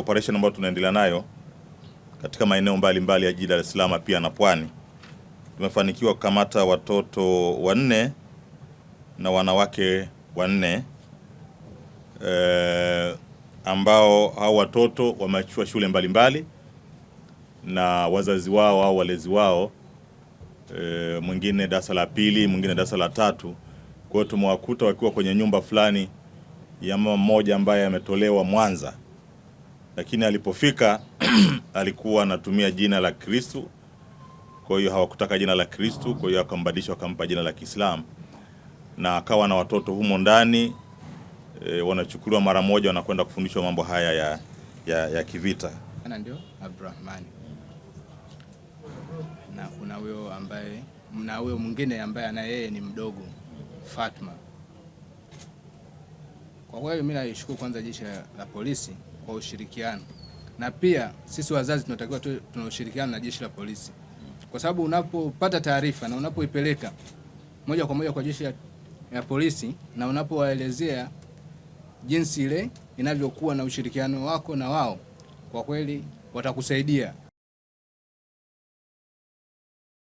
operation ambayo tunaendelea nayo katika maeneo mbalimbali ya jiji Dar es Salaam pia na Pwani, tumefanikiwa kukamata watoto wanne na wanawake wanne e, ambao hao watoto wameachishwa shule mbalimbali mbali, na wazazi wao au walezi wao e, mwingine darasa la pili, mwingine darasa la tatu. Kwa hiyo tumewakuta wakiwa kwenye nyumba fulani ya mama mmoja ambaye ametolewa Mwanza lakini alipofika alikuwa anatumia jina la Kristu, kwa hiyo hawakutaka jina la Kristu, kwa hiyo akambadilisha wakampa jina la Kiislamu na akawa na watoto humo ndani e, wanachukuliwa mara moja wanakwenda kufundishwa mambo haya ya, ya, ya kivita. Ndio Abdurahmani na kuna huyo ambaye na huyo mwingine ambaye ana yeye ni mdogo Fatma. Kwa kweli mimi naishukuru kwanza jeshi la polisi kwa ushirikiano, na pia sisi wazazi tunatakiwa tu tuna ushirikiano na jeshi la polisi, kwa sababu unapopata taarifa na unapoipeleka moja kwa moja kwa jeshi ya, ya polisi na unapowaelezea jinsi ile inavyokuwa na ushirikiano wako na wao, kwa kweli watakusaidia